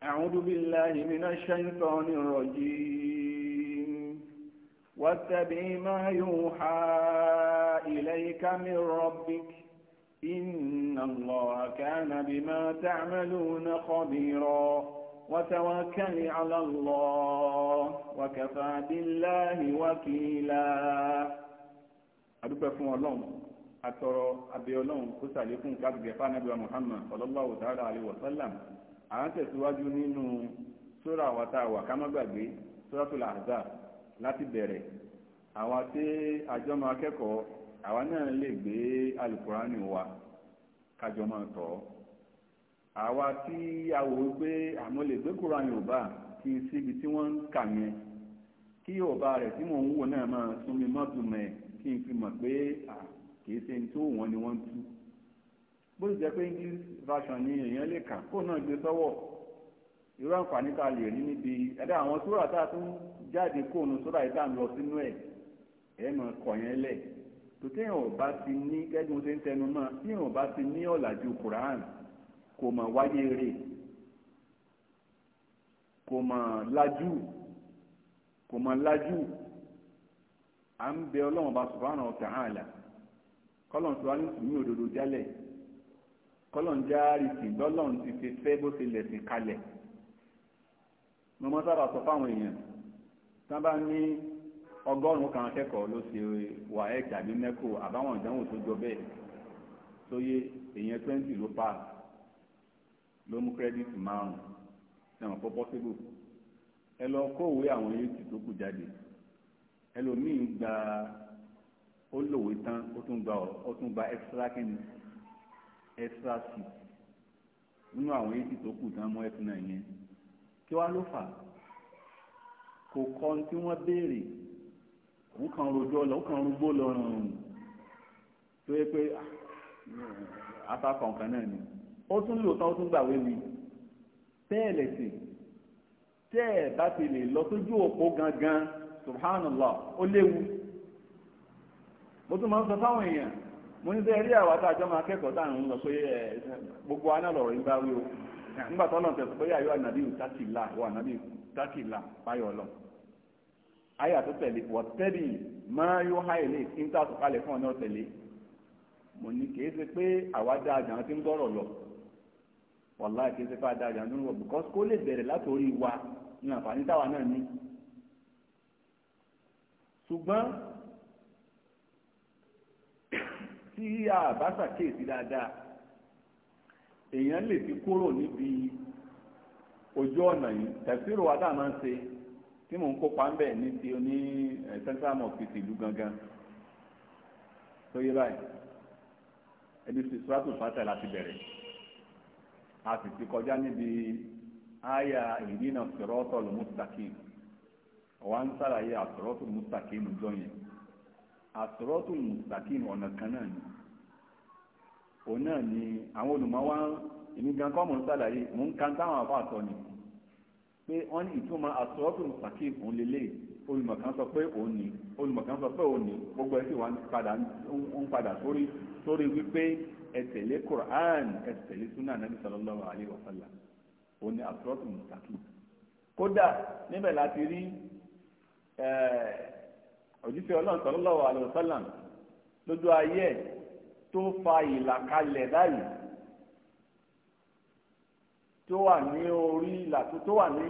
أعوذ بالله من الشيطان الرجيم واتبع ما يوحى إليك من ربك إن الله كان بما تعملون خبيرا وتوكل على الله وكفى بالله وكيلا أدوك فون الله أترى أبي الله كسالي فون كاتب فانا بها محمد صلى الله تعالى عليه وسلم à ń tẹ̀síwájú nínú sóra àwa tá a wà ká má gbàgbé suratul Ahzab láti bẹ̀rẹ̀ àwa tí àjọmọ akẹ́kọ̀ọ́ àwa náà lè gbé alukurani wa kájọ máa tọ̀ ọ́ àwa tí a wò ó pé àmọ́ lè gbé kurani ò bá kí n síbi tí wọ́n ń kà yẹn kí ọba rẹ̀ tí mò ń wò náà máa sún mọ́tò mẹ́ kí n fi mọ̀ pé kì í ṣe ní tó wọ́n ni wọ́n ń tú bó ti jẹ́ pé english version ni èèyàn lè kà kó náà gbé sọ́wọ́ irú àǹfààní tá a lè rí níbi ẹ̀dá àwọn sóra tá a tún jáde kóònù sóra yìí tá a lọ sínú ẹ̀ ẹ̀ mọ̀ kọ̀ yẹn lẹ̀ tòtẹ́yìn ọba ti ní kẹ́gun ṣe ń tẹnu mọ́ tíyìn ọba ti ní ọ̀làjú Quran kò mọ̀ wáyé rè kò mọ̀ lajú kò mọ̀ lajú à ń bẹ ọlọ́run ọba subhanahu wa ta'ala kọ́lọ́n tí wàá ní sùnmí òdodo jálẹ̀ kọ́lọ̀n já rìsì lọ́lọ́n ti fi fẹ́ bó ṣe lẹ̀sìn kalẹ̀ mo mọ́ sábà sọ fáwọn èèyàn tí wọ́n bá ní ọgọ́rùn-ún kan akẹ́kọ̀ọ́ ló ṣe wàhẹ́ẹ̀ tàbí nẹ́kò àbáwọn ìdánwò tó jọ bẹ́ẹ̀ tó yé èèyàn twenty ló pa ló mú kírẹ́dìtì márùn-ún ẹ̀wọ̀n pọ́ pọ́síbù ẹ lọ kóòwé àwọn yéètì tó kù jáde ẹlòmíín gba ó lòwe tán ó tún gba ó tún extra seat nínú àwọn eighty tó kù tán mọ́ ẹ̀fún náà yẹn kí wá ló fà kò kọ́ tí wọ́n béèrè òun kan rojọ́ lọ òun kan rúgbó lọ rùn tó yẹ pé apákọ̀ọ̀kan ah, náà ni ó tún lò tán ó tún gbàwé mi tẹ́ẹ̀lẹ̀ sí tẹ́ẹ̀ bá ti lè lọ sójú òpó gangan subhanallah ó léwu mo tún máa ń sọ fáwọn èèyàn mo ní sẹ́yìn àwọn àtàjọ́ máa kẹ́kọ̀ọ́ tá à ń lọ pé gbogbo aná lọ̀rọ̀ ń bá o nígbà tó lọ́n tẹ̀sán bóyá yóò ànábì wọ ànábì lọ. ayé àtúntẹ̀lé wọ́n tẹ́lẹ̀ máa fún ọ̀nà mo ní kì í ṣe pé àwa dá ń lọ wàlá kì í tí àbáṣà kéèsì dáadáa èèyàn lè fi kúrò níbi ojú ọ̀nà yìí tẹ̀síìrò wa dáa máa ń ṣe tí mò ń kópa ń bẹ̀ ní ti oní eh, central mosque ìlú gangan tó yé báyìí ẹbí ti sùràtù fàtà láti bẹ̀rẹ̀ a sì ti kọjá níbi àyà ìdínà sọ̀rọ̀tọ̀ lọ́mùsítàkìm ọ̀wá ń sàlàyé àsọ̀rọ̀tọ̀ lọ́mùsítàkìm jọ yẹn àsọ̀rọ̀tọ̀ lọ́mùsítàkìm ọ̀nà kan náà ni òun náà ni àwọn olùmọ̀ wa èmi gan kọ́ mò ń sàlàyé mò ń kan táwọn àbá àtọ̀ ni pé wọ́n ní ìtumọ̀ àsọ́ọ̀tù sàkí òun lélẹ̀ olùmọ̀ kan sọ pé òun ni olùmọ̀ kan sọ pé òun ni gbogbo ẹ̀ sì wá ń padà sórí sórí wípé ẹ tẹ̀lé Qur'an ẹ tẹ̀lé sunnah nabi sallallahu alayhi wa sallam òun ni àsọ́ọ̀tù sàkí kódà níbẹ̀ láti rí òjíṣẹ́ ọlọ́run sallallahu alayhi wa sallam lójú ayé ẹ̀ tó fa ìlàkalẹ̀ báyìí tó wà ní orí ìlà tó wà ní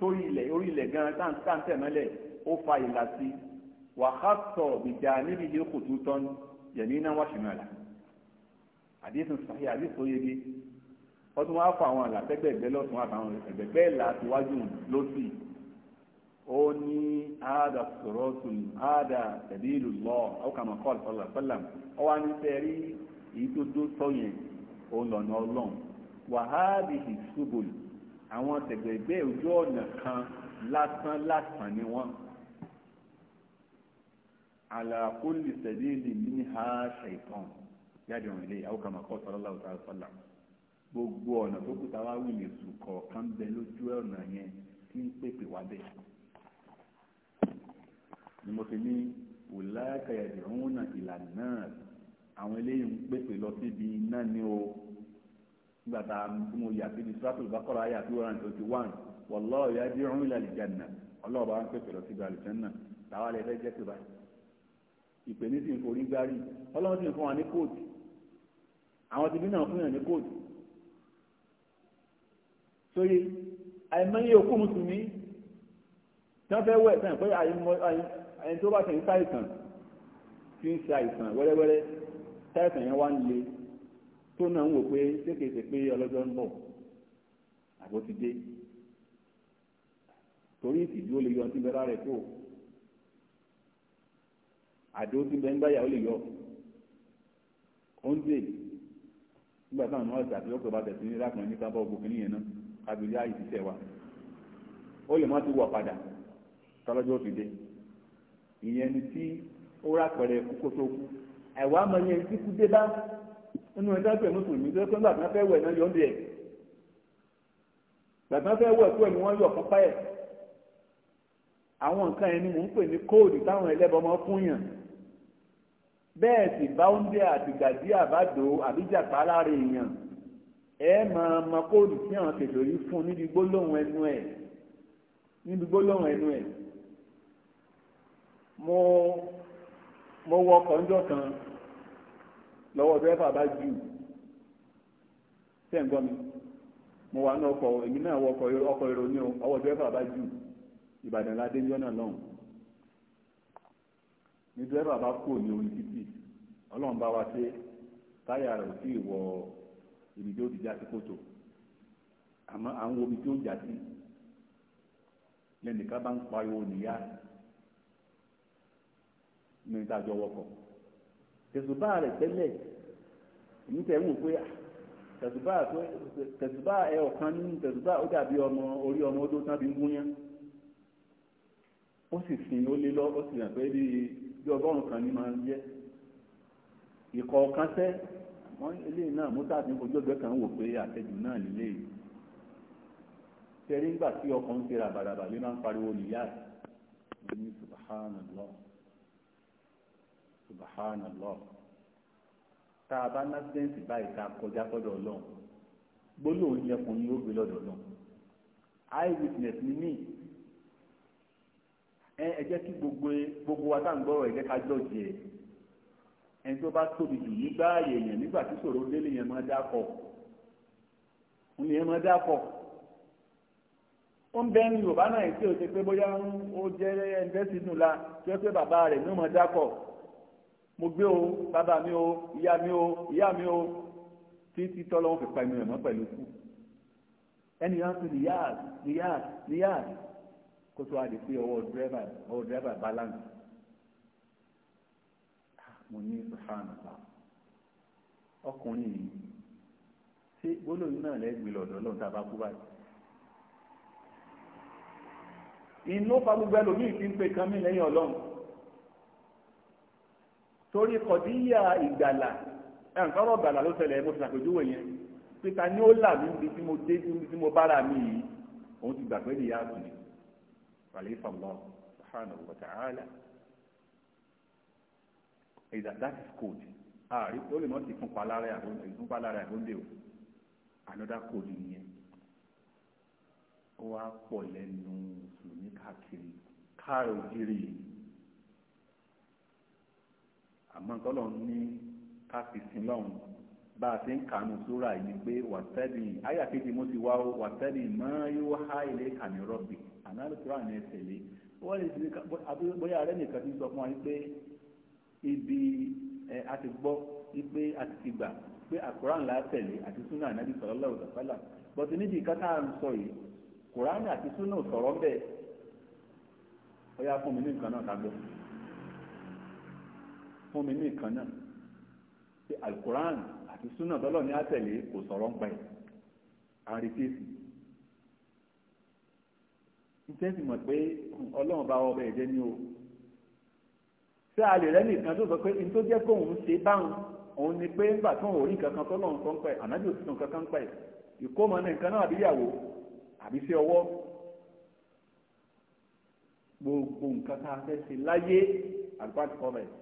torí ilẹ̀ orí ilẹ̀ gan-an táǹtẹ̀mọ́lẹ̀ ó fa ìlà sí wàhásọ̀ ìjà níbi ilé kò tó tán yẹ̀mí náà wà ṣìmọ̀lá àdéhùn sàyè àdéhùn yege wọ́n tún wáá fọ àwọn àlàtẹ́gbẹ̀gbẹ́ lọ́sùn àtàwọn ẹ̀gbẹ́gbẹ́ ìlà àtiwájú lọ́sì ó ní hada sọ̀rọ̀tún hada tẹ̀bílù lọ ọkàmọ̀ kọ́ ọ̀là pẹ́lá ọ wá ní fẹ́ rí èyí tó dó sọ́yẹn òun lọ́nà ọlọ́run wàhálì ìṣubùl àwọn tẹ̀gbẹ̀gbẹ́ ojú ọ̀nà kan lásán lásán ni wọ́n àlàkùnlé tẹ̀bílì ní ha ṣẹ̀tàn jáde òun ilé ọkàmọ̀ kọ́ ọ̀là pẹ́lá gbogbo ọ̀nà tó kù táwa wí lè sùn bẹ lójú ọ̀nà yẹn tí ń pèpè wá bẹ́ẹ̀ ni mo ti ní wùláyàkà yàdìrún náà ìlànà náà àwọn eléyìí ń pèpè lọ síbi iná ni o nígbà tá a tí mo yà síbi suratul baqara àyà two hundred and twenty one wallahu yàdìrún ila aljanna ọlọ́run bá ń pèpè lọ síbi aljanna táwa lè fẹ́ jẹ́ tìbá ìpè ní sì ń forí gbárí ọlọ́run sì ń fún wa ní kóòtù àwọn ti bí náà fún yàn ní kóòtù sórí àìmọye òkú mùsùlùmí tí wọ́n fẹ́ wẹ̀ sẹ́yìn pé àyè ẹni tó bá tẹ̀yìn sáìsàn tí ń ṣe àìsàn wẹ́rẹ́wẹ́rẹ́ sáìsàn yẹn wá ń le tó náà ń wò pé ṣékèèṣe pé ọlọ́jọ́ ń torí ìtìjú ó lè yọ ọtí bẹ́ẹ̀ rárẹ̀ kó àdó tí bẹ́ẹ̀ ń gbáyà ó lè yọ oúnjẹ nígbà táwọn ọmọ ọjà àti ọkọ̀ bá tẹ̀sí ní ìyẹn ni tí ó rà pẹ̀rẹ̀ kókó tó kú àìwá mọ ìyẹn tí kú dé bá nínú ẹ̀dá pẹ̀ mùsùlùmí tó kọ́ nígbà tí wọ́n fẹ́ wẹ̀ náà yọ̀ ń bẹ̀ gbàtí wọ́n fẹ́ wẹ̀ kú ẹ̀ ni wọ́n yọ̀ pápá ẹ̀ àwọn nǹkan ẹni mò ń pè ní kóòdù táwọn ẹlẹ́bọ ọmọ fún yàn bẹ́ẹ̀ sì báúndé àtìgàdí àbádò àbíjàpá lára èèyàn ẹ máa mọ kóòdù tí àwọn kèdòrí fún níbi gbólóhùn ẹnu ẹ̀ níbi gbólóhùn ẹnu ẹ̀ mo mo wọ kọ́ńjọ́ kan lọ́wọ́ dẹ́fà bá jù tẹ́ ń gbọ́ mi mo wà ní ọkọ̀ èmi náà wọ ọkọ̀ èrò ní ọwọ́ dẹ́fà bá jù ìbàdàn ládé níjọ́ náà lọ́hùn ní dẹ́fà bá kú ní orí títì ọlọ́run bá wa ṣe táyà rẹ̀ ò tí ì wọ ibi tí ó ti já sí kòtò àmọ́ àwọn omi tí ó jà sí lẹ́nìkan bá ń pariwo nìyá ní ìdájọ́ wọkọ̀ tẹ̀sùbá rẹ̀ tẹ́lẹ̀ èmi pé tẹ̀sùbá tẹ̀sùbá ẹ ọ̀kan nínú tẹ̀sùbá ó dàbí ọmọ orí ọmọ ọdún tán ń gúnyán ó sì sin ó lé lọ ó sì hàn pé bí bí ọgọ́rùn-ún kan ní máa ń jẹ́ ìkọ̀ ọ̀kan sẹ́ wọ́n eléyìí náà mú sáà tí ọgbẹ́ kan wò pé àtẹ̀jù náà lílé yìí tẹ̀rí ńgbà tí ọkọ̀ ń ṣe ràbàràbà ló máa ń pariwo nìyá rẹ̀ ní subhanallah subhanallah tá a bá násìdẹ́ǹtì báyìí tá a kọjá sọ́dọ̀ ọlọ́run gbólóhùn yẹn kùn yóò gbé lọ́dọ̀ ọlọ́run eye witness ni mí ẹ ẹ jẹ́ kí gbogbo e, gbogbo wa tá à ń gbọ́rọ̀ ẹ jẹ́ ká jọ́ọ̀jì ẹ ẹni tó bá tóbi jù nígbà èèyàn nígbà tí sọ̀rọ̀ délé yẹn máa dákọ̀ òun yẹn máa dákọ̀ ó ń bẹ ní yorùbá náà yìí tí o ṣe pé bóyá ó jẹ́ ẹgbẹ́ sínú la tí ó pé bàbá rẹ̀ ní ó máa dákọ̀ mo gbé o bàbá mi o ìyá mi o ìyá mi o títí tọ́lọ́ wọn fi pa ẹnu ẹ̀ mọ́ pẹ̀lú kú ẹni yẹn fi riyad riyad riyad kó tó a lè fi ọwọ́ dírẹ́bà ọwọ́ dírẹ́bà balance ah, mo ní sùhánàlá ọkùnrin yìí ṣé gbólóyún náà lẹ́gbẹ̀ẹ́ lọ́dọ̀ lọ́dọ̀ tá a bá kú báyìí inú fa gbogbo ẹlòmíì fi ń pe kan mí lẹ́yìn ọlọ́run torí kọ̀díyà ìgbàlà ẹ̀ǹkan ọ̀rọ̀ ìgbàlà ló ṣẹlẹ̀ mo ti ṣàpèjúwe yẹn pété ní ó là mí níbi tí mo dé níbi tí mo bára mi yìí òun ti gbàgbé nìyá àtùn ni wàlẹ́ ìfọ̀mọ́ subhanahu wa ta'ala ìdá that is code ààrí ó lè mọ́ sí ìfúnpalára ìfúnpalára ìfúnlẹ̀ o another code nìyẹn ó wá pọ̀ lẹ́nu mùsùlùmí káàkiri káàrọ̀ òjìrì yìí àmọ́ tọ́lọ̀ ní káfíńsìn lọ́hùn bá a ti ń kànú sóra yìí pé wàtẹ́bì àyà kejì mo ti wá o wàtẹ́bì mọ́ yóò há ilé kàní rọ́bì ànálùkúrà ní ẹsẹ̀ lé wọ́n lè ti bóyá arẹ́ nìkan ti sọ fún wa pé ibi a ti gbọ́ pé a ti ti gbà pé àkùrán là á tẹ̀lé àti súnà ànábì sọ̀rọ̀ lọ́wọ́ sàfàlà bọ́tí níbi ìkátà à ń sọ yìí kùránì àti súnà sọ̀rọ̀ bẹ́ẹ̀ ó yá fún mi ní nǹkan náà ká gbọ́ fún mi ní ìkan náà pé alukoran àti sunna tọ́lọ̀ ní àtẹ̀lé kò sọ̀rọ̀ ń pa ẹ̀ àrífèsì ìtẹ́sí mọ̀ pé ọlọ́run bá ọbẹ̀ ẹ̀jẹ̀ ní o ṣé a lè rẹ́ni ìkan tó sọ pé ní tó jẹ́ kóun ṣe báwọn òun ni pé nígbà tó ń orí kankan tó lọ́run tó ń pẹ́ ànájì òtítọ́ kankan pẹ́ ìkómọ ní nǹkan náà àbíyàwó àbí sí ọwọ́ gbogbo nǹkan tá a fẹ́ ṣe láyé àgbàdo kọ́ bẹ́ẹ̀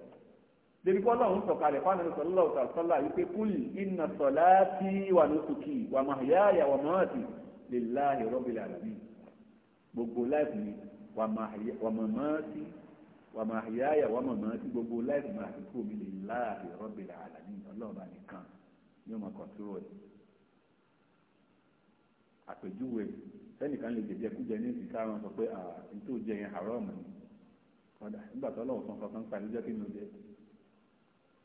débi kọ́ lọ́hún sọ̀kalẹ̀ fún àwọn sọ̀lá ọ̀tà sọ́lá yìí pé kúlì inna salati wa nusuki wa mahyaya wa mamati lillahi rabbil alamin gbogbo láìpù mi wa mamati wa mahyaya wa mamati gbogbo láìpù mi àti kúrò mi lillahi rabbil alamin ọlọ́ọ̀bà nìkan ní ọmọ kọ̀túrò ẹ̀ àpèjúwe sẹ́nìkan lè jẹjẹ kújẹ ní ìsìnká wọn sọ pé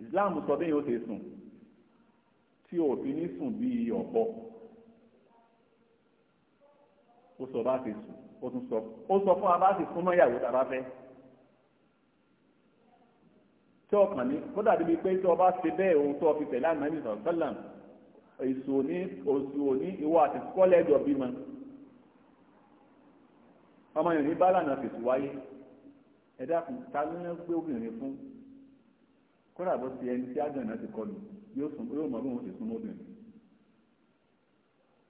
islam sọ bẹ́ẹ̀ yóò ṣe sùn tí o fi ní sùn bíi ọ̀bọ ó sọ bá ti sùn ó tún sọ ó sọ fún wa bá ti súnmọ́ ìyàwó tá a bá fẹ́ tí ọkàn ní kódà débi pé tí ọba ṣe bẹ́ẹ̀ ohun tó fi tẹ̀lé àná ìsọ̀ sọ́làm èso òní oṣù òní ìwọ àti kọ́lẹ́jọ bímọ ọmọ yìí ní bá lànà fèsì wáyé ẹ dákun ta ló ń gbé obìnrin fún kódà bó ti ẹni tí àjànà ti kọlù yóò sùn yóò mọ bí wọn ti sún mọ́bìnrin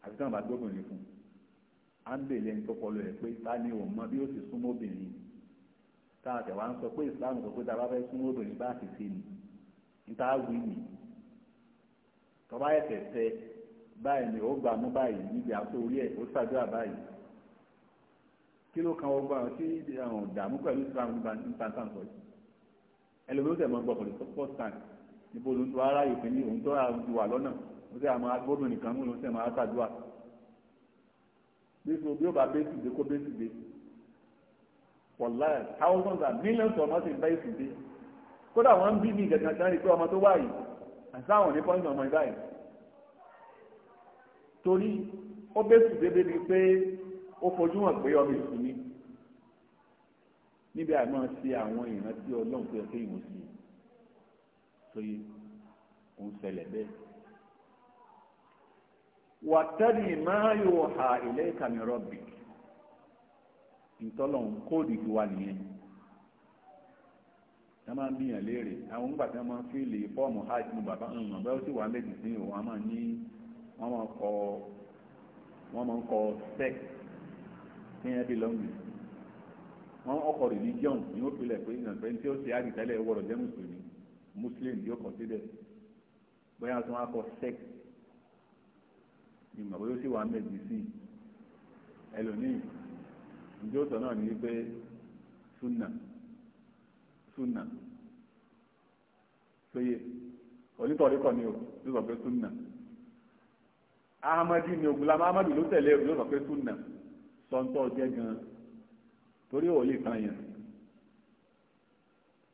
àti táwọn bá gbóbìnrin fún à ń bèèrè ẹni tó kọlù ẹ pé ta ni òun mọ bí ó ti sún mọ́bìnrin tá a tẹ̀ wá ń sọ pé ìsìláàmù sọ pé tá a bá fẹ́ sún mọ́bìnrin bá ti ṣe nì níta wí nì tọ́ba ẹ̀fẹ̀ fẹ́ báyìí ni ó gbà mú báyìí níbi àtó orí ẹ̀ ó ṣàdúrà báyìí kí ló kan ọgbà tí àwọn ìdààmú pẹ̀lú ìsìláàmù nípa nípa sáǹsọ̀ yìí ẹlòmíràn tẹ̀ mọ́ gbọ́ for the first time níbo ló ń tó ara yìí pín ní òun tó ra ju wà lọ́nà ó sì àmọ́ agbódùn nìkan mú ló ń tẹ̀ máa ṣàdúrà bí o bí ó bá bẹ́sì dé kó bẹ́sì dé wọ̀lá ẹ̀ thousands and millions of ọmọ sì ń bẹ́sì dé kódà wọ́n ń bí mi ìgbẹ̀gbẹ̀ kan rí pé ọmọ tó wà yìí àtàwọn ní pọ́ńtì ọmọ ìbáyìí torí ó bẹ́sì dé débi pé ó fojú hàn pé ọmọ ìsìn ni níbi àmọ́ ṣe àwọn ìrántí ọlọ́run tó yẹ si ìwọ̀n sí tóyé òun ṣẹlẹ̀ bẹ́ẹ̀. máa yóò ha ilé ìkànnì rọ́bì ìtọ́lọ̀ kóòdù tó wà nìyẹn wọ́n máa ń bíyàn léèrè àwọn nígbà tí wọ́n máa ń fíìlì fọ́ọ̀mù hajj mu bàbá ń mọ̀ bẹ́ẹ̀ ó sì wà méjì sí òun a máa ní wọ́n máa ń wọ́n máa wọn ọkọ religion ni ó pilẹ̀ pé ìyàn pé tí ó ṣe àgìtẹ́lẹ̀ wọ̀rọ̀ jẹ́ mùsùlùmí muslim yóò consider bóyá tí wọ́n á kọ sex ìmọ̀ bóyá ó sì wà méjì sí ẹlòmíì ǹjẹ́ ó sọ náà ní pé sunna sunna péye onítọ̀ríkọ̀ ni o ló sọ pé sunna ahamadi ni ogunlamu ahamadu ló tẹ̀lé o ló sọ pé sunna sọ́ńtọ́ jẹ́ gan-an torí ò lè tàn yàn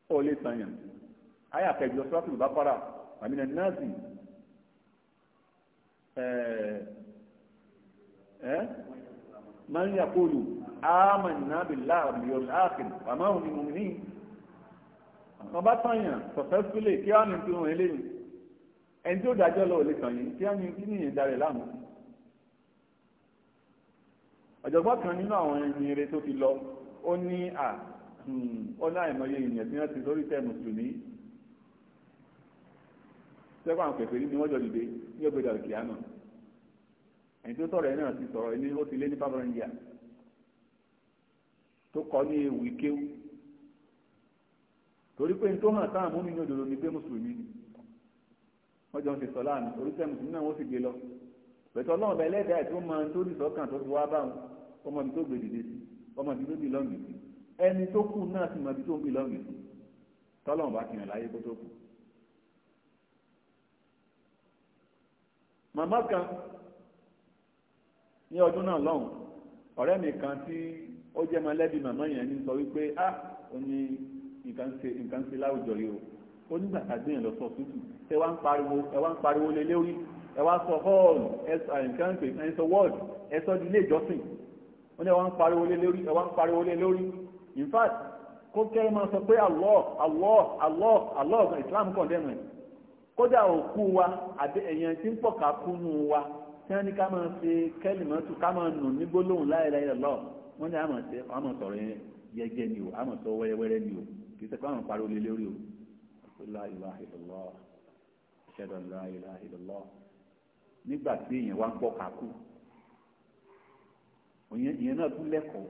ò lè tàn yàn àyà kẹjọ sọ́tù bá para àmìnà nọ́ọ̀sì ẹ̀ máa ń yàkóòlù ámànà bìlá àbìyàn áàkìrì àmọ́ òun ni mòmìnì àwọn bá tàn yàn sọ̀fẹ́sílẹ̀ kí á ní tí wọ́n eléyìí ẹni tí ó dájọ́ lọ ò lè yìí kí á ní kí nìyẹn darẹ̀ láàmú ọ̀jọ̀gbọ́n kan nínú àwọn ẹni eré tó ti lọ ó ní à ọlá hmm, ìmọye èèyàn tí wọ́n ti lórí tẹ́ mùsùlùmí sẹ́kọ̀ àwọn pẹ̀pẹ́ ní wọ́n jọ dìde ní ọgbẹ́dà òkè àná ẹni tó sọ̀rọ̀ ẹ̀ náà ti sọ̀rọ̀ ẹni ó ti lé ní bábọ̀ ń yà tó kọ́ ní ewu ikéwu torí pé tó hàn sáà mú mi ní òdòdó ni pé mùsùlùmí ni wọ́n jọ ń ṣe sọ láàánú oríṣẹ́ mùsùlùmí náà wọ́n sì gbé lọ pẹ̀tọ́ ọlọ́run bẹ lẹ́dàá ẹ̀ tó máa ń tó ní sọ́kàn tó fi wá báwọn ọmọ mi tó gbèdìde sí ọmọ ibi tó bì lọ́ọ̀gì sí ẹni tó kù náà sì mọ ibi tó bì lọ́ọ̀gì sí tọ́lọ́run bá ti hàn láyé kó tó kù. màmá kan ní ọdún náà lọ́hùn ọ̀rẹ́ mi kan tí ó jẹ́ mọ̀lẹ́bí màmá yẹn ní sọ wípé a ò ní nǹkan ṣe láwùjọ yìí o ó nígbà tá a gbé yẹn lọ sọ tútù ẹ wá ń pariwo ẹ wá ń pariwo lé lórí ẹ wá sọ hall ẹ sọ nǹkan pè ẹ sọ ward ẹ sọ ilé ìjọsìn wọ́n ní wọ́n ń pariwo lé lórí ẹ̀wọ́n in fact kó kẹ́rẹ́ máa sọ pé Allah Allah Allah Allah ọ̀gá Islam condemn ẹ̀ kódà òkú wa àbí ẹ̀yàn tí ń pọ̀ ká kúnú wa tí wọ́n ní ká máa ṣe kẹ́lì mọ́ tù ká máa nù ní gbólóhùn la ilaha illallah wọ́n ní àmọ̀ sọ̀rọ̀ yẹn yẹgẹ́ ni o àmọ̀ sọ wẹ́rẹ́wẹ́rẹ́ ni o kì í ṣe pé àwọn pariwo lé lórí o nígbà tí èèyàn wá ń pọ̀ ká kú ìyẹn náà tún lẹ́kọ̀ọ́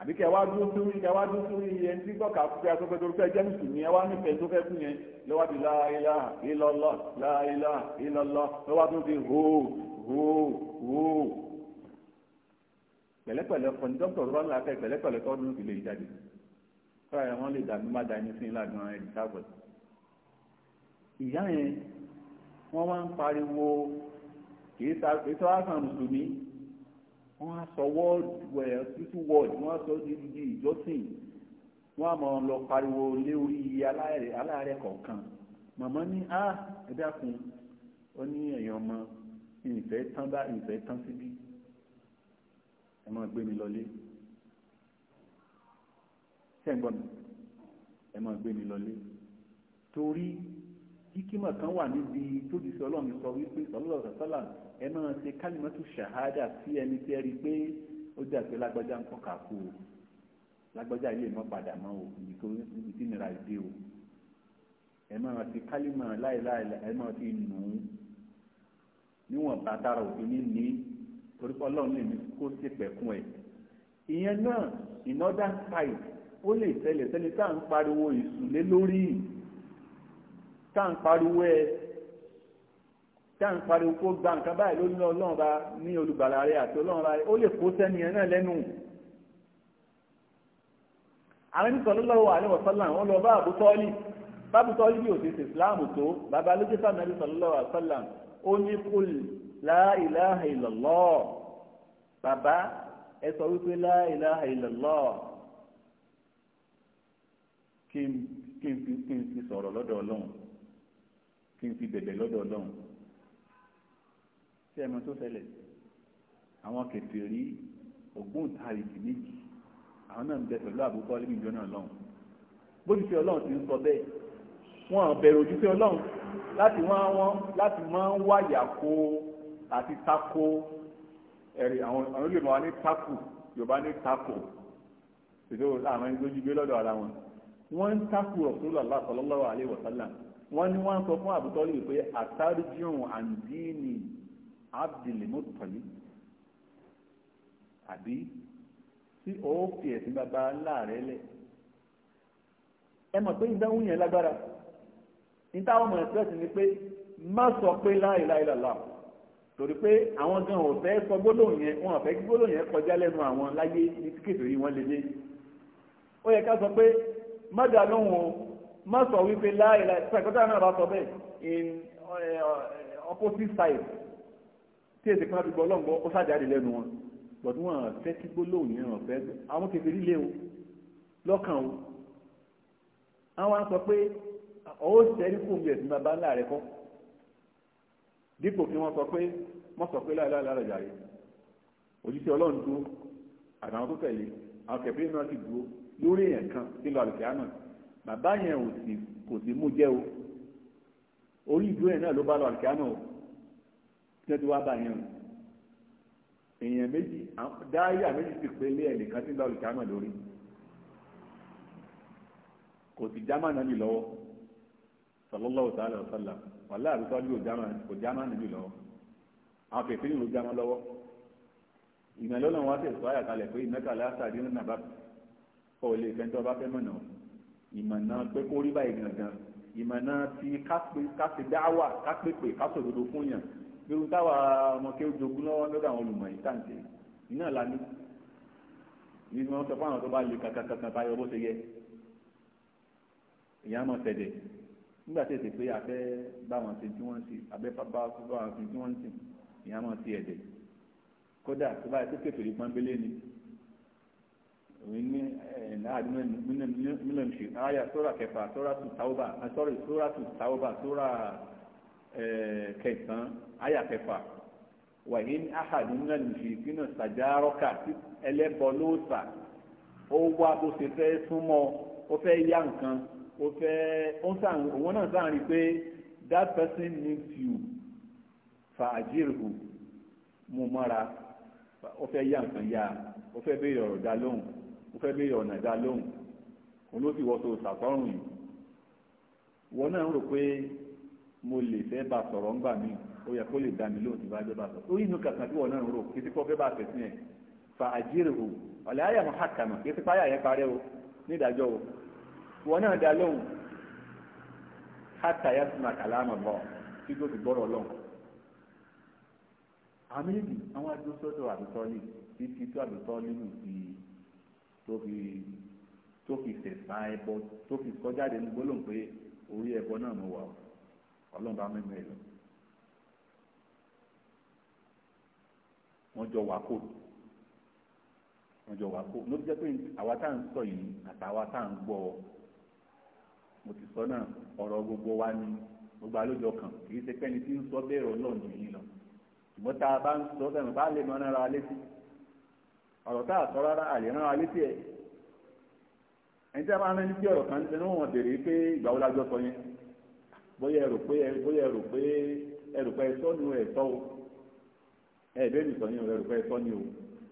àbí kí ẹ wá dúró sórí ẹ wá dúró sórí ẹni tí gbọ́ka pé asọ́fẹ́ tó fẹ́ jẹ́ mùsùlùmí ẹ wá nífẹ̀ẹ́ tó fẹ́ fún yẹn lọ́wọ́ di láìlá ìlọ́lọ́ láìlá ìlọ́lọ́ lọ́wọ́ tó di hóò hóò hóò pẹ̀lẹ́pẹ̀lẹ́ kọ́ ní dókítà rọ́ọ̀lù afẹ́ pẹ̀lẹ́pẹ̀lẹ́ kọ́ nínú ìlú ìjáde kọ́ra ẹ̀ wọ́n lè dàbí má dání sí ńlá gan ẹ̀dí sábọ̀ ìyá yẹn wọ́n wá ń pariwo kì í sọ wọ́n á sọ wọ́ọ̀dù ẹ̀ tútù wọ́ọ̀dù wọ́n á sọ dídí ìjọsìn wọ́n á mọ̀ ọ́n lọ pariwo lé orí aláàárẹ̀ kọ̀ọ̀kan màmá ní á ẹ dákun ó ní ẹ̀yàn ọmọ ìfẹ́ tán bá ìfẹ́ tán síbí ẹ máa gbé mi lọlé sẹ́ǹgbọ́n mi ẹ máa gbé mi lọlé torí kíkímọ̀ kan wà níbi tó ti sọ ọlọ́run sọ wípé sọlọ́ọ̀ sọ́lá ẹ máa ṣe kálímọ́tò ṣàhádà sí ẹni tí ẹ rí i pé ó dà pé lágbájá ń pọ̀kà kú o lágbájá yìí mọ́ padà mọ́ o ibi tí nira ìdí o ẹ máa ṣe kálímọ̀ láìláì ẹ máa fi nù ú níwọ̀n bàtàrà òfin ní ní torí pé ọlọ́run lè ní kó ṣe pẹ̀kún ẹ̀ ìyẹn náà in other ó lè tẹ̀lé tẹ́lẹ̀ tá à ń pariwo ìsúlé lórí tá à ń pariwo ẹ̀ tá à ń pariwo kó gba nǹkan báyìí ló ní ọlọ́run bá ní olùgbàlà rẹ àti ọlọ́run bá rẹ ó lè kó sẹ́ni ẹ̀ náà lẹ́nu. àwọn ẹni sọ̀rọ̀ lọ́wọ́ àlẹ́ wọ̀sọ́là wọn lọ bá àbútọ́ọ́lì bábútọ́ọ́lì bí òṣèṣe ìsìláàmù tó bàbá lójú sàmì ẹni sọ̀rọ̀ lọ́wọ́ àṣọ́là ó ní kul la ilaha bàbá ẹ sọ wípé la ilaha kí n fi sọ̀rọ̀ lọ́dọ̀ ọlọ́run kí n fi bẹ̀bẹ̀ lọ́dọ̀ ọlọ́run tí ẹ̀mọ tó ṣẹlẹ̀ àwọn kèfèrí ògbóǹtarìgì méjì àwọn náà ń bẹ pẹ̀lú àbúkọ́ lẹ́mí ìjọ náà lọ́hùn bó ti fi ọlọ́run ti ń sọ bẹ́ẹ̀ wọ́n bẹ̀rù ojúṣe ọlọ́run láti máa wọ́n láti máa ń wáyà kó àti tako ẹ̀rì àwọn olùmọ̀ wa ní tako yorùbá ní tako ṣètò àwọn ẹni tó jí gbé lọ́dọ̀ ara wọn wọ́n ń tako ọ̀tún lọ́la sallallahu alaihi wasallam wọ́n ní wọ́n sọ fún àbúkọ́ lè pé àtàríjìun àǹdíìnì abdulmutali àbí tí ó fi ẹ̀sìn bàbá láàrẹ lẹ̀ ẹ mọ̀ pé ìdáhùn yẹn lágbára ìtawọ́ mọ̀ ẹ̀sìn ni pé má sọ pé láìláìlàlá torí pé àwọn gan ò fẹ́ sọ gbólóhùn yẹn wọn ò fẹ́ kí gbólóhùn yẹn kọjá lẹ́nu àwọn láyé ní tíkètò yìí wọ́n lè dé ó yẹ ká sọ pé má dà lóhùn o má sọ wípé láìláì sàkótà náà bá sọ bẹ́ẹ̀ in eh, eh, opposite side tí èsì kan dùgbọ́ ọlọ́ngbọ́ ó sàjáde lẹ́nu wọn bọ̀dú wọn fẹ́ kí gbólóhùn yẹn wọn fẹ́ àwọn kékeré lé o lọ́kàn o àwọn á sọ pé ọwọ́ sẹ́rí fún mi ẹ̀sìn bàbá ńlá rẹ kọ́ dípò kí wọ́n sọ pé wọ́n sọ pé láìláìlá rẹ̀ jàre òjíṣẹ́ ọlọ́run dúró àtàwọn tó tẹ̀lé àwọn kẹfìrí náà sì dúró lórí èèyàn kan nílò àlùkìá náà bàbá yẹn ò sì kò sí mú jẹ́ o orí ìdúró yẹn náà ló bá lọ àlùkìá náà tẹ́ ti wá bá yẹn o èèyàn méjì dáyà méjì ti pé lé ẹnìkan tí ń bá olùkámọ̀ lórí kò sì jámà náà bì lọ́wọ́ sallallahu ta'ala wa sallam wàhálà àbúkọ́ ní kò jámà náà bì lọ́wọ́ àwọn kẹfẹ́ ní ló jámà lọ́wọ́ ìmọ̀lẹ́ ọlọ́run wá sí ẹ̀sọ́ àyàkalẹ̀ pé ìmẹ́ta láàtà dínú náà bá ọ̀ lè fẹ́ tó bá fẹ́ mọ̀nà ìmọ̀nà pé kó rí báyìí gangan ìmọ̀nà ti kápẹ́ dáwà kápẹ́pẹ́ kásòdodo fún yàn gbèrú táwa ọmọ kí ó jogún lọ́wọ́ lọ́dọ̀ àwọn olùmọ̀ yìí tàǹtì iná la ní ní wọ́n sọ fún àwọn tó bá lè kankan kankan bá yọ bó ṣe yẹ ìyá mọ̀ tẹ̀dẹ̀ nígbà tí èsì pé afẹ́ bá wọn ṣe tí wọ́n ń ṣe abẹ́ bá wọn ṣe tí wọ́n ń ṣe ìyá mọ̀ ti ẹ̀dẹ̀ kódà tó bá yẹ kó kẹfìrí pọ́nbélé ni òun ní ẹ̀ẹ́dàdínmọ́ mílíọ̀nù ṣe àyà sórà kẹfà sórà tù táwọ́bà sórà tù táwọ́bà sórà. kẹsàn-án lóòsà ó wá bó ṣe ó fẹ́ yá nǹkan ó fẹ́ òun náà sáà rí i pé that person needs you fa mọ́ra ó fẹ́ yá nǹkan yá ó fẹ́ béèrè ọ̀rọ̀ dá lóhùn ó fẹ́ béèrè mo lè fẹ́ bá sọ̀rọ̀ ńgbà mí ó yẹ kó lè dá mi lóhùn tí bá jẹ́ bá sọ̀rọ̀ ó yìí nu kàkà tí wọ́n náà ń rò kí sípò fẹ́ bá fẹ̀sìn ẹ̀ fa àjírí o ọ̀lẹ́ àyà mọ̀ hàkàmọ̀ kí sípò àyà yẹn parẹ́ o ní ìdájọ́ o wọ́n náà dá lóhùn hàtà yẹn sùnmà kàlámà lọ tí tó fi gbọ́rọ̀ lọ. àmìlì àwọn adúsọ́tò àdùtọ́lì títí tó àdùtọ́lì nù sí tó fi tó fi kọjáde ọlọ́run bá mẹ́mẹ́ lọ. wọ́n jọ wà kó wọ́n jọ wà kó ló jẹ́ pé àwa tá à ń sọ yìí àtàwa tá à ń gbọ́ ọ mo ti sọ náà ọ̀rọ̀ gbogbo wa ni gbogbo àlójọ kan kì í ṣe pẹ́ni tí ń sọ bẹ́ẹ̀ ọlọ́run yìí lọ ṣùgbọ́n tá a bá ń sọ sẹ́nu bá lè mọ nára létí ọ̀rọ̀ tá a sọ rárá àlè nára létí ẹ̀ ẹni tí a bá ń rán ní ọ̀rọ̀ kan ní sẹ́nu wọn bèrè pé ìgbà wo la sọ yẹn bóyá ẹ rò pé bóyá ẹ rò pé ẹ rò pé ẹtọ́ ni ẹ̀tọ́ o ẹ bẹ́ẹ̀ nìtọ́ ni ẹ rò pé ẹtọ́ ni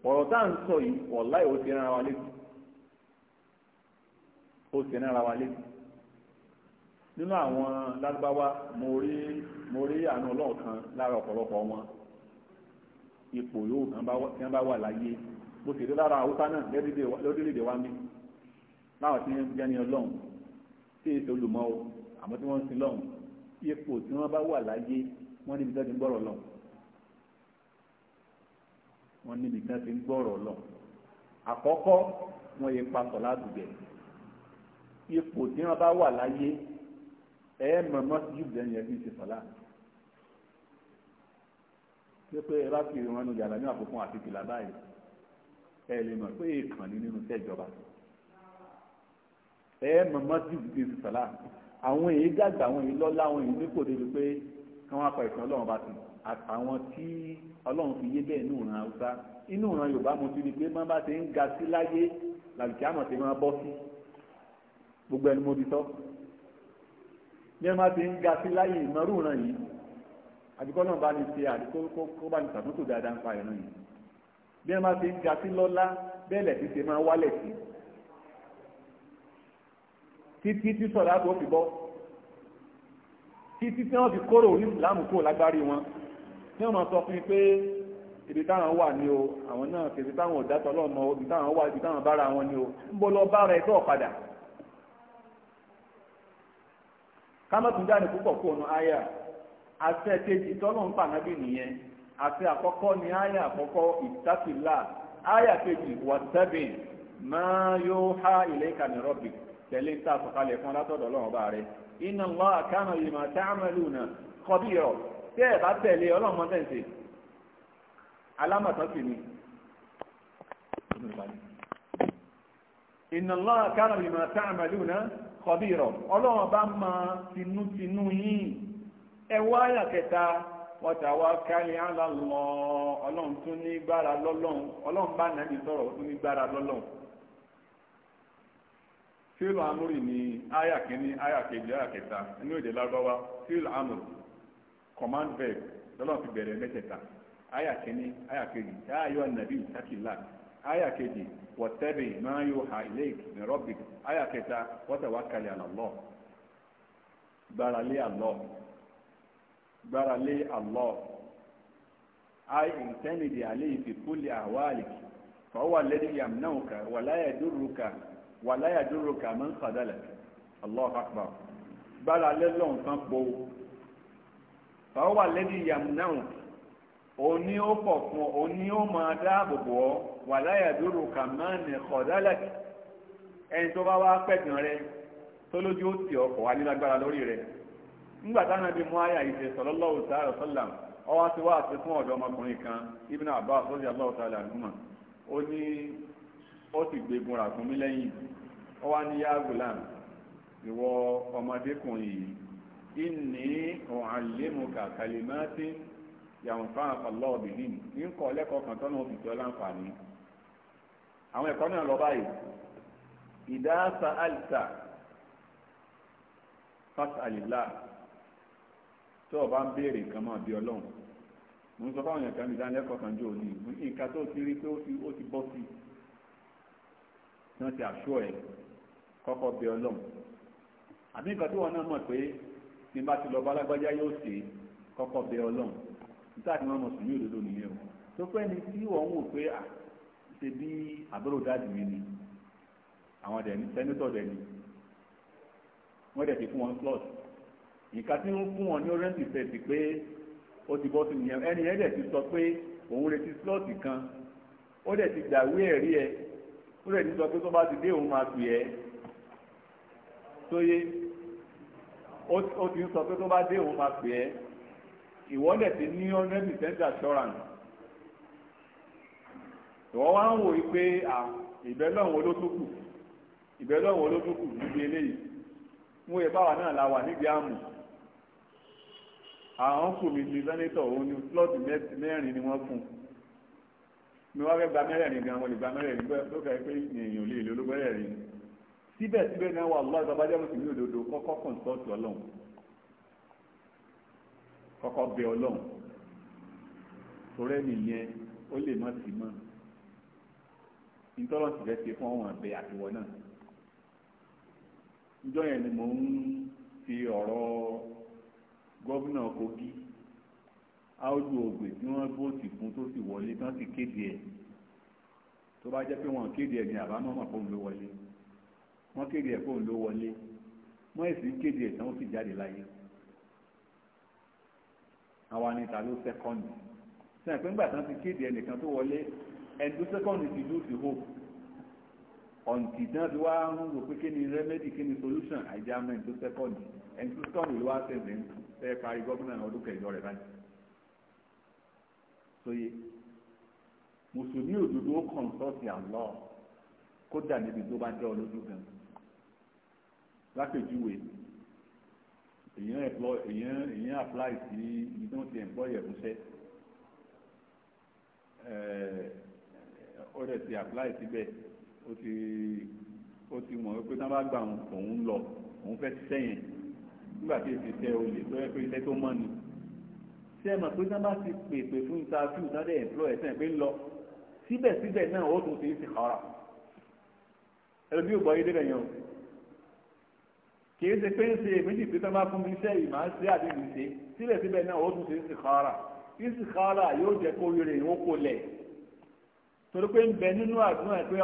o ọ̀rọ̀ tá à ń sọ yìí ọ̀la ò ti rán ara wa létí ó ti rán ara wa létí nínú àwọn lárúbáwá mo rí mo rí àánú ọlọ́run kan lára ọ̀pọ̀lọpọ̀ wọn ipò yòówù kan tí wọ́n bá wà láyé mo sì rí lára haúsá náà lórílẹ̀‐èdè wa mi láwọn tí wọ́n jẹ́ ní ọlọ́run tí èso lùmọ́ o àmọ́ tí wọ́n ń sin lọ́hùn ipò tí wọ́n bá wà láyé wọ́n níbi tó ti ń gbọ́rọ̀ lọ wọ́n níbi tó ti ń gbọ́rọ̀ lọ àkọ́kọ́ wọ́n yẹ papọ̀ ládùúgbẹ̀ ipò tí wọ́n bá wà láyé ẹ mọ̀mọ́ sí jù lẹ́yìn ẹbí ti sọ̀lá pé pé ẹ bá fi ìrìn ọ̀nà yàrá ní àkókò àti ìkìlà báyìí ẹ lè mọ̀ pé èèkàn ní nínú iṣẹ́ ìjọba ẹ mọ̀mọ́ sí jù lẹ́yìn ti sọ̀lá àwọn èyí dàgbà àwọn èyí lọ́lá àwọn èyí nípò débi pé kí wọ́n apá ìtàn ọlọ́run bá ti àtàwọn tí ọlọ́run fi yé bẹ́ẹ̀ inú ìran haúsá inú ìran yorùbá mo ti rí i pé máa bá ti ń ga sí láyé làlùkí àmọ̀ ti máa bọ́ sí gbogbo ẹni mo ti tọ́ bí wọ́n bá ti ń ga sí láyé ìmọ̀rú ìran yìí àbíkọ́ náà bá ní ṣe àdíkó kó bá ní ṣàtúntò dáadáa ń pa ìran yìí bí wọ́n bá ti ń ga sí lọ́lá bẹ́ẹ̀ lẹ̀ ti máa wálẹ̀ sí i títí tí sọ̀rọ̀ àbò fi bọ́ títí tí wọ́n fi kóró ní ìsìláàmù kúrò lágbárí wọn tí wọ́n máa sọ fún mi pé ibi táwọn wà ní o àwọn náà tètè táwọn ò dátọ lọ́mọ ibi táwọn wà ibi táwọn bára wọn ní o ń bọ́ lọ bára ẹgbẹ́ ọ̀padà kámọ́tún jáde púpọ̀ kó ọ̀nà àyà àṣẹ kejì tọ́lọ́ ń pànábì nìyẹn àṣẹ àkọ́kọ́ ni àyà àkọ́kọ́ ìtàkìlá àyà kejì wàtẹ́bìn máa yóò há ilé ìkànnì rọ́bì tẹ̀lé tá a sọ̀kalẹ̀ fún látọ̀dọ̀ ọlọ́run ọba rẹ̀ inna Allaha kana bima ta'maluna khabira tẹ́ ẹ̀ bá tẹ̀lé ọlọ́run mọ́ tẹ̀sí alámọ̀tán sì ni. inna Allaha kana bima ta'maluna khabira ọlọ́run ọba máa tinútinú yín ẹ wá àyà kẹta wa tawakkali ala Allah ọlọ́run tún ní gbára lọ́lọ́run ọlọ́run bá nàbì sọ̀rọ̀ tún ní gbára lọ́lọ́run fíìlù amúrì ní àyà kìíní àyà kejì àyà kẹta inú èdè lágbáwá fíìlù amúrì command verb lọ́lọ́ fi bẹ̀rẹ̀ mẹ́tẹ̀ẹ̀ta àyà kìíní àyà kejì yáa yọ nàbí takilá àyà kejì wọ́tẹ́bì máa yóò ha ilé nairobi àyà kẹta wọ́tẹ̀ wá kalẹ̀ àlọ́ gbáralé àlọ́ gbáralé àlọ́ I intend the alay fi kulli ahwalik fa huwa alladhi yamnauka wa wà láyà dúró kà mọ́ ń fàdálẹ̀ Allahu akbar gbára lẹ́lọ́ nǹkan po fàáwà lẹ́dí yamnáwó òní ó pọ̀ fún òní ó máa dáàbò bò ọ́ wà láyà dúró kà mọ́ ń fàdálẹ̀ ẹni tó bá wá pẹ̀gàn rẹ tó lójú ó tì ọkọ̀ wá nílágbára lórí rẹ nígbà táwọn ẹbí mú àyà ìṣe sallallahu ta'ala wa sallam ọwọ́ ti wá àti fún ọ̀dọ́ ọmọkùnrin kan Ibn Abbas radiyallahu ta'ala anhuma ó ní ó sì gbégun ràkúnmí lẹ́yìn ó wá ní yá gulam ìwọ ọmọdékùnrin yìí inni u'allimuka kalimatin yanfa'uka Allahu bihin ní kọ́ lẹ́kọ̀ọ́ kan tọ́nà òfìsí ọláǹfààní àwọn ẹ̀kọ́ náà lọ báyìí idha sa'alta fas'alillah tó o bá ń béèrè nǹkan máa bí ọlọ́run mo ń sọ fáwọn èèyàn kan mi dánilẹ́kọ̀ọ́ kan jò ní nǹkan tó ti rí pé ó ti bọ́ sí i tí wọ́n ti àṣọ ẹ̀ kọ́kọ́ bẹ ọlọ́run àbí nǹkan tí wọn náà mọ̀ pé tí n bá ti lọ bá alágbájá yóò ṣe kọ́kọ́ bẹ ọlọ́run nígbà tí wọ́n mọ̀ sùn ní òdodo nìyẹn o tó pẹ́ ni tí wọ́n wò pé à ṣe bí àbúrò dáàdì mi ni àwọn dẹ̀ ní sẹ́nítọ̀ dẹ̀ ni wọ́n dẹ̀ ti fún wọn slot nǹkan tí wọ́n fún wọn ní orange effect pé ó ti bọ́ sí nìyẹn ẹni ẹ̀ dẹ̀ ti sọ pé òun retí slot kan ó dẹ̀ ti gbàwé ẹ̀rí ẹ ó dẹ̀ ti sọ pé tó bá ti dé òun máa pè ẹ́ tó yé ó ti ń sọ pé tó bá dé òun máa pè ẹ́ ìwọ́lẹ̀ ti ní hundred percent assurance ìwọ́ wá ń wò yí pé ìbẹ́lọ́hún olótókù ìbẹ́lọ́hún olótókù níbi eléyìí mú ẹ báwa náà la wà níbi àmù àwọn kù mí ní sẹ́nétọ̀ òun ní slọ́ọ̀tì mẹ́rin ni wọ́n fún un mi wá fẹ́ gba mẹ́rẹ̀ẹ̀rin gan-an mo lè gba mẹ́rẹ̀ẹ̀rin ló kẹ́ pé èèyàn lè lo olóbẹ́rẹ̀ẹ̀rin síbẹ̀síbẹ̀ náà wà lọ́ọ̀ ìjọba jẹ́ mùsùlùmí òdodo kọ́kọ́ kọ̀ǹsọ́ọ̀tì ọlọ́run kọ́kọ́ bẹ ọlọ́run torí ẹni yẹn ó lè má sí mọ́ nítorí ọ̀sìn fẹ́ ṣe fún ọ̀hún àbẹ àtiwọ́ náà níjọ́ yẹn ni mò ń fi ọ̀rọ̀ gómìnà Kogi áójú ògbè tí wọ́n vóòtì fún tó sì wọlé tán sì kéde ẹ̀ tó bá jẹ́ pé wọ́n kéde ẹ̀ ní àbámọ́ mọ̀ fóun wọlé wọ́n kéde ẹ̀ fóun ló wọlé wọ́n èsì ń kéde ẹ̀ tán ó sì jáde láyé àwa ni ta ló sẹ́kọ́ndì sẹ́yìn pé ńgbà tán ti kéde ẹnìkan tó wọlé ẹni tó sẹ́kọ́ndì ti ló ti hó ọ̀ǹtì náà ti wá ń rò pé kí ni rẹ́mẹ́dì kí ni solution àìjámẹ́ ẹni tó sẹ́kọ́ndì ẹni tó sẹ́kọ́ndì ló wá sẹ́yìn fẹ́ parí gọ́fúnà ọdún kẹjọ rẹ̀ báyìí sóye mùsùlùmí òdodo kọ̀ǹsọ́ọ̀tì àlọ́ kódà níbi tó bá jẹ́ olójú gan-an lápèjúwe èyàn employ èyàn èyàn apply sí ibi tí wọ́n ti employ ẹ̀kún sẹ́ ọ̀rẹ́ ti apply síbẹ̀ ó ti ó ti mọ̀ pé tí wọ́n bá gbà òun lọ òun fẹ́ sẹ́yìn nígbà tí èsì tẹ olè tó yẹ pé iṣẹ́ tó mọ́ ni tí ẹ mọ̀ pé tí wọ́n bá ti pèpè fún interview sáré employ ẹ̀sẹ̀ pé ń lọ síbẹ̀síbẹ̀ náà ó tún ti ń ti kọ́ra ẹlòmíì ò gbọ́ yé débẹ̀ yẹn o kìí ṣe pé ń ṣe èméjì pé tán bá fún mi iṣẹ́ yìí máa ń ṣe àbí mi ṣe síbẹ̀síbẹ̀ náà ó tún ṣe istikhara istikhara yóò jẹ́ kó rere ìwó kó lẹ̀ torí pé ń bẹ nínú àdúrà pé